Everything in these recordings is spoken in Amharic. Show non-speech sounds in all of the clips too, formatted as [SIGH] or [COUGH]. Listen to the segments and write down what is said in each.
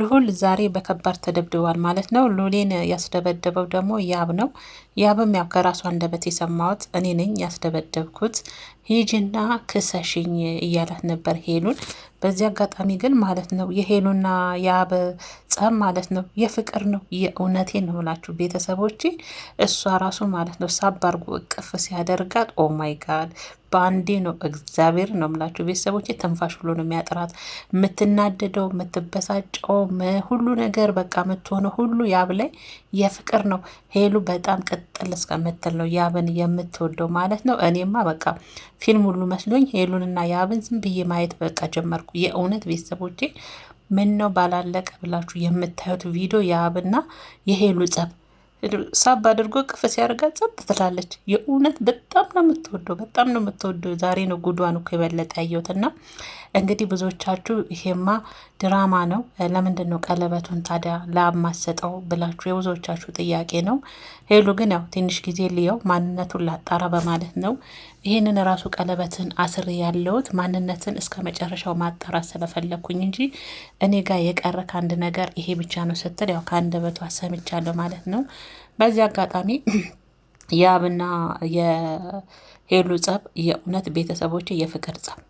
ልሁል ዛሬ በከባድ ተደብድቧል ማለት ነው። ሉሌን ያስደበደበው ደግሞ ያብ ነው። ያብም ያው ከራሱ አንደበት የሰማሁት እኔ ነኝ ያስደበደብኩት ሂጅና ክሰሽኝ እያላት ነበር ሄሉን። በዚህ አጋጣሚ ግን ማለት ነው የሄሉና ያብ ጸብ ማለት ነው የፍቅር ነው። የእውነቴ ነው ብላችሁ ቤተሰቦች እሷ ራሱ ማለት ነው ሳባርጎ እቅፍ ሲያደርጋት ኦ ማይ ጋድ በአንዴ ነው እግዚአብሔር ነው ምላችሁ ቤተሰቦች ትንፋሽ ብሎ ነው የሚያጥራት። የምትናደደው የምትበሳጨው ሁሉ ነገር በቃ የምትሆነው ሁሉ ያብ ላይ የፍቅር ነው። ሄሉ በጣም ቅጥል እስከምትል ነው ያብን የምትወደው ማለት ነው። እኔማ በቃ ፊልም ሁሉ መስሎኝ ሄሉንና ያብን ዝም ብዬ ማየት በቃ ጀመርኩ የእውነት ቤተሰቦቼ ምን ነው ባላለቀ ብላችሁ የምታዩት ቪዲዮ የአብና የሄሉ ጸብ ሳብ አድርጎ ቅፍ ሲያደርጋ ጸጥ ትላለች። የእውነት በጣም ነው የምትወደው፣ በጣም ነው የምትወደው። ዛሬ ነው ጉዷን እኮ የበለጠ ያየሁት። እና እንግዲህ ብዙዎቻችሁ ይሄማ ድራማ ነው፣ ለምንድን ነው ቀለበቱን ታዲያ ማሰጠው ብላችሁ የብዙዎቻችሁ ጥያቄ ነው። ሄሉ ግን ያው ትንሽ ጊዜ ልየው፣ ማንነቱን ላጣራ በማለት ነው ይህንን ራሱ ቀለበትን አስር ያለውት ማንነትን እስከ መጨረሻው ማጣራት ስለፈለግኩኝ እንጂ እኔ ጋር የቀረ ከአንድ ነገር ይሄ ብቻ ነው ስትል ያው ከአንደበቷ ሰምቻለሁ ማለት ነው። በዚህ አጋጣሚ የአብና የሄሉ ጸብ የእውነት ቤተሰቦች የፍቅር ጸብ፣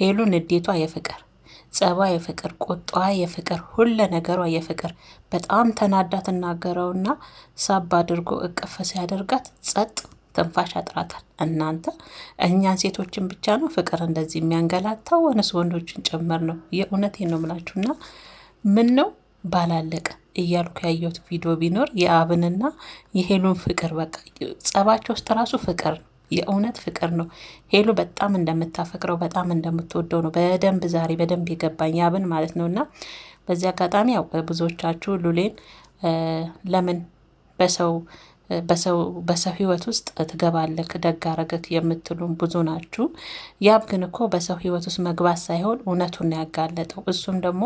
ሄሉ ንዴቷ የፍቅር ጸባ የፍቅር ቁጧ የፍቅር ሁለ ነገሯ የፍቅር በጣም ተናዳ ትናገረውና ሳብ አድርጎ እቅፍ ሲያደርጋት ጸጥ ትንፋሽ ያጥራታል። እናንተ እኛን ሴቶችን ብቻ ነው ፍቅር እንደዚህ የሚያንገላታው ወንስ ወንዶችን ጭምር ነው? የእውነቴን ነው የምላችሁና ምን ነው ባላለቀ እያልኩ ያየሁት ቪዲዮ ቢኖር የአብንና የሄሉን ፍቅር በቃ ጸባቸው ውስጥ ራሱ ፍቅር ነው። የእውነት ፍቅር ነው። ሄሉ በጣም እንደምታፈቅረው በጣም እንደምትወደው ነው በደንብ ዛሬ በደንብ የገባኝ አብን ማለት ነው። እና በዚህ አጋጣሚ ያው ብዙዎቻችሁ ሉሌን ለምን በሰው በሰው ህይወት ውስጥ ትገባለክ ደግ አደረገህ የምትሉም ብዙ ናችሁ። ያም ግን እኮ በሰው ህይወት ውስጥ መግባት ሳይሆን እውነቱን ያጋለጠው። እሱም ደግሞ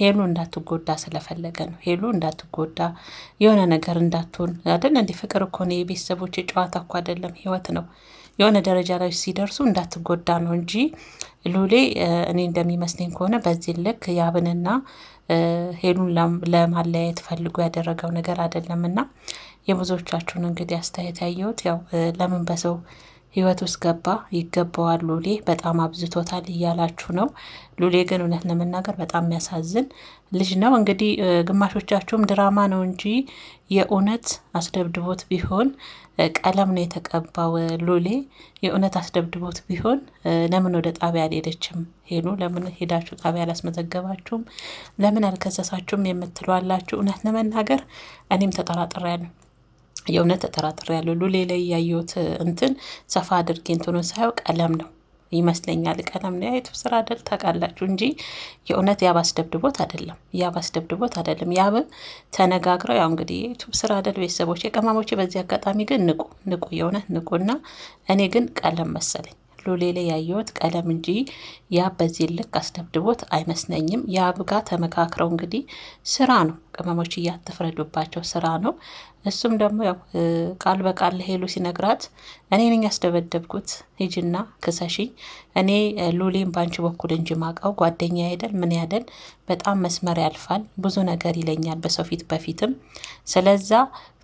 ሄሉ እንዳትጎዳ ስለፈለገ ነው። ሄሉ እንዳትጎዳ የሆነ ነገር እንዳትሆን አይደል? እንዲህ ፍቅር እኮ ነው፣ የቤተሰቦች ጨዋታ እኮ አይደለም፣ ህይወት ነው። የሆነ ደረጃ ላይ ሲደርሱ እንዳትጎዳ ነው እንጂ ሉሌ እኔ እንደሚመስለኝ ከሆነ በዚህ ልክ ያብንና ሄሉን ለማለያየት ፈልጎ ያደረገው ነገር አይደለም እና የብዙዎቻችሁን እንግዲህ አስተያየት ያየሁት ያው ለምን በሰው ህይወት ውስጥ ገባ። ይገባዋል ሉሌ በጣም አብዝቶታል እያላችሁ ነው። ሉሌ ግን እውነት ለመናገር በጣም የሚያሳዝን ልጅ ነው። እንግዲህ ግማሾቻችሁም ድራማ ነው እንጂ የእውነት አስደብድቦት ቢሆን ቀለም ነው የተቀባው። ሉሌ የእውነት አስደብድቦት ቢሆን ለምን ወደ ጣቢያ አልሄደችም? ሄሉ ለምን ሄዳችሁ ጣቢያ አላስመዘገባችሁም? ለምን አልከሰሳችሁም? የምትሏላችሁ እውነት ለመናገር እኔም ተጠራጥሬያለሁ። የእውነት ተጠራጥሬ ያለው ሉሌ ላይ ያየሁት እንትን ሰፋ አድርጌ እንትኑን ሳየው ቀለም ነው ይመስለኛል። ቀለም ነው የቱ ስራ አይደል ታውቃላችሁ፣ እንጂ የእውነት ያባስ ደብድቦት አይደለም። ያባስ ደብድቦት አይደለም። ያብም ተነጋግረው ያው እንግዲህ የዩቱብ ስራ አይደል ቤተሰቦች፣ የቀማሞች በዚህ አጋጣሚ ግን ንቁ ንቁ፣ የእውነት ንቁ እና እኔ ግን ቀለም መሰለኝ ሎሌ ላይ ያየሁት ቀለም እንጂ ያ በዚህ ልክ አስደብድቦት አይመስለኝም። የአብ ጋር ተመካክረው እንግዲህ ስራ ነው። ቅመሞች እያትፍረዱባቸው ስራ ነው። እሱም ደግሞ ያው ቃል በቃል ለሄሉ ሲነግራት እኔ ነኝ ያስደበደብኩት፣ ሂጂና ክሰሽኝ፣ እኔ ሉሌን ባንቺ በኩል እንጂ ማቀው ጓደኛ አይደል ምን ያደል፣ በጣም መስመር ያልፋል፣ ብዙ ነገር ይለኛል በሰው ፊት በፊትም ስለዛ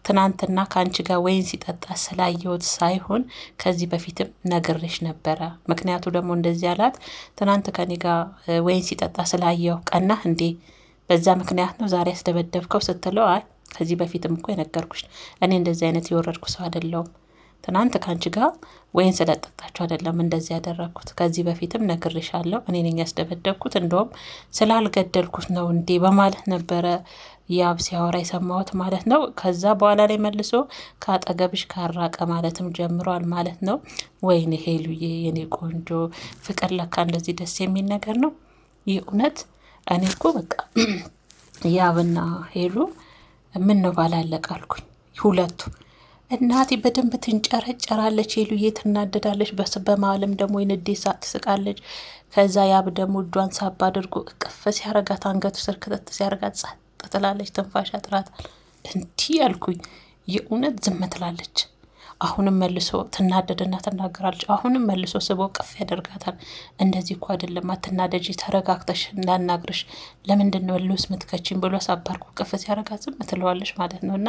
ትናንትና ከአንቺ ጋር ወይን ሲጠጣ ስላየሁት ሳይሆን ከዚህ በፊትም ነግሬሽ ነበረ። ምክንያቱ ደግሞ እንደዚህ አላት፣ ትናንት ከኔ ጋር ወይን ሲጠጣ ስላየው ቀናህ እንዴ? በዛ ምክንያት ነው ዛሬ ያስደበደብከው ስትለው፣ አይ ከዚህ በፊትም እኮ የነገርኩሽ እኔ እንደዚህ አይነት የወረድኩ ሰው አይደለሁም ትናንት ከአንቺ ጋር ወይን ስለጠጣችሁ አይደለም እንደዚህ ያደረግኩት። ከዚህ በፊትም ነግርሻለሁ፣ እኔ ነኝ ያስደበደብኩት፣ እንደውም ስላልገደልኩት ነው እንዴ በማለት ነበረ ያብ ሲያወራ የሰማሁት ማለት ነው። ከዛ በኋላ ላይ መልሶ ከአጠገብሽ ካራቀ ማለትም ጀምሯል ማለት ነው። ወይኔ ሄሉዬ የኔ ቆንጆ ፍቅር ለካ እንደዚህ ደስ የሚል ነገር ነው። ይህ እውነት እኔ እኮ በቃ [CLEARS THROAT] ያብና ሄሉ ምን ነው ባላለቀ አልኩኝ ሁለቱ እናቴ በደንብ ትንጨረጨራለች፣ ሄሉዬ ትናደዳለች፣ በስ በማለም ደግሞ የንዴት ሳቅ ትስቃለች። ከዛ ያብ ደግሞ እጇን ሳብ አድርጎ እቅፍ ሲያረጋት አንገቱ ስር ሲያረጋት ጸጥ ትላለች፣ ትንፋሽ ያጥራታል። እንዲህ ያልኩኝ የእውነት ዝም ትላለች። አሁንም መልሶ ትናደድና ትናገራለች። አሁንም መልሶ ስቦ ቅፍ ያደርጋታል። እንደዚህ እኮ አይደለም፣ አትናደጂ፣ ተረጋግተሽ እንዳናግርሽ ለምንድን ነው ልውስ ምትከችን ብሎ ሳባርኩ ቅፍ ሲያደርጋት ዝም ትለዋለች ማለት ነው እና